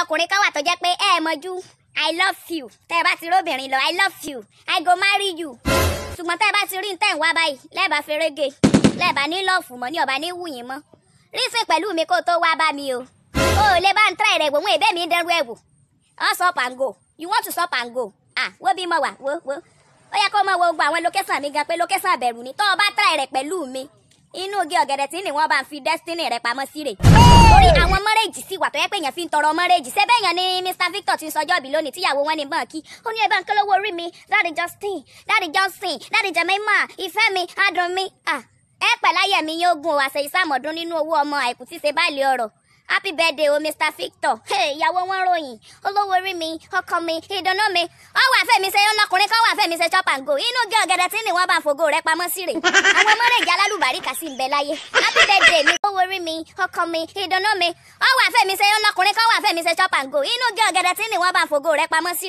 ọkùnrin kan wà tó jẹ́ pé ẹ mọjú i love you tẹ́ ẹ bá ti róbìnrin lọ i love you i go marry you ṣùgbọ́n tẹ́ ẹ bá ti rí tẹ́ ń wá báyìí lẹ́ẹ̀bà ferege lẹ́ẹ̀bà ní lọ́ọ̀fù mọ́ ní ọ̀bà ní wùyìn mọ́ rísìn pẹ̀lú mi kó tó wá bá mi o o ò lè bá ń tẹ́rẹ̀ rẹ̀ wò wọ́n èbẹ́ mi dẹ́rù ẹ̀ wò sọ pàǹgò you want to sọ pàǹgò ah wo bí mo wà wo wo ó yẹ kó mọ wo gbogbo àwọn lókẹ́sàn mi gan pé lókẹ́sàn bẹ̀rù ni tó o bá tẹ́rẹ̀ rẹ̀ pẹ̀lú mi inú igi ọ̀gẹ̀dẹ̀ tí ni wọ́n bá fi destiny rẹ̀ pamọ́ sí rẹ̀ torí àwọn mọ́rẹ́jì sì wà èèyàn fi ń tọrọ mọ́rẹ́jì ṣé bẹ́ẹ̀ yẹn ni Mr Victor ti ń sọjọ́ bí lónìí tíyàwó wọn ni bọ́n ó ní ẹ ń kólówó orí mi dáàdì Justin dáàdì Johnson dáàdì Jemima ìfẹ́ mi adùn mi ẹ pẹ̀láyẹ̀mí yóò gun àṣẹ ìsàmọ̀dún nínú owó ọmọ àìkú tí ṣe báàlì ọ̀rọ̀ happy birthday o mr victor ìyàwó wọn ròyìn olówó orí mi ọkọ mi ìdáná mi ọwọ àfẹmi ṣe ọlọkùnrin kọwọ àfẹmi ṣe chop and go inú gé ọ̀gẹ̀dẹ̀ tí ni wọn bá fògo rẹ pamọ́ sí rè àwọn mọrẹjì alálùbárí kà sí ń bẹ láyé happy birthday mi olówó orí mi ọkọ mi ìdáná mi ọwọ àfẹmi ṣe ọlọkùnrin kọwọ àfẹmi ṣe chop and go inú gé ọ̀gẹ̀dẹ̀ tí ni wọn bá fògo rẹ pamọ́ sí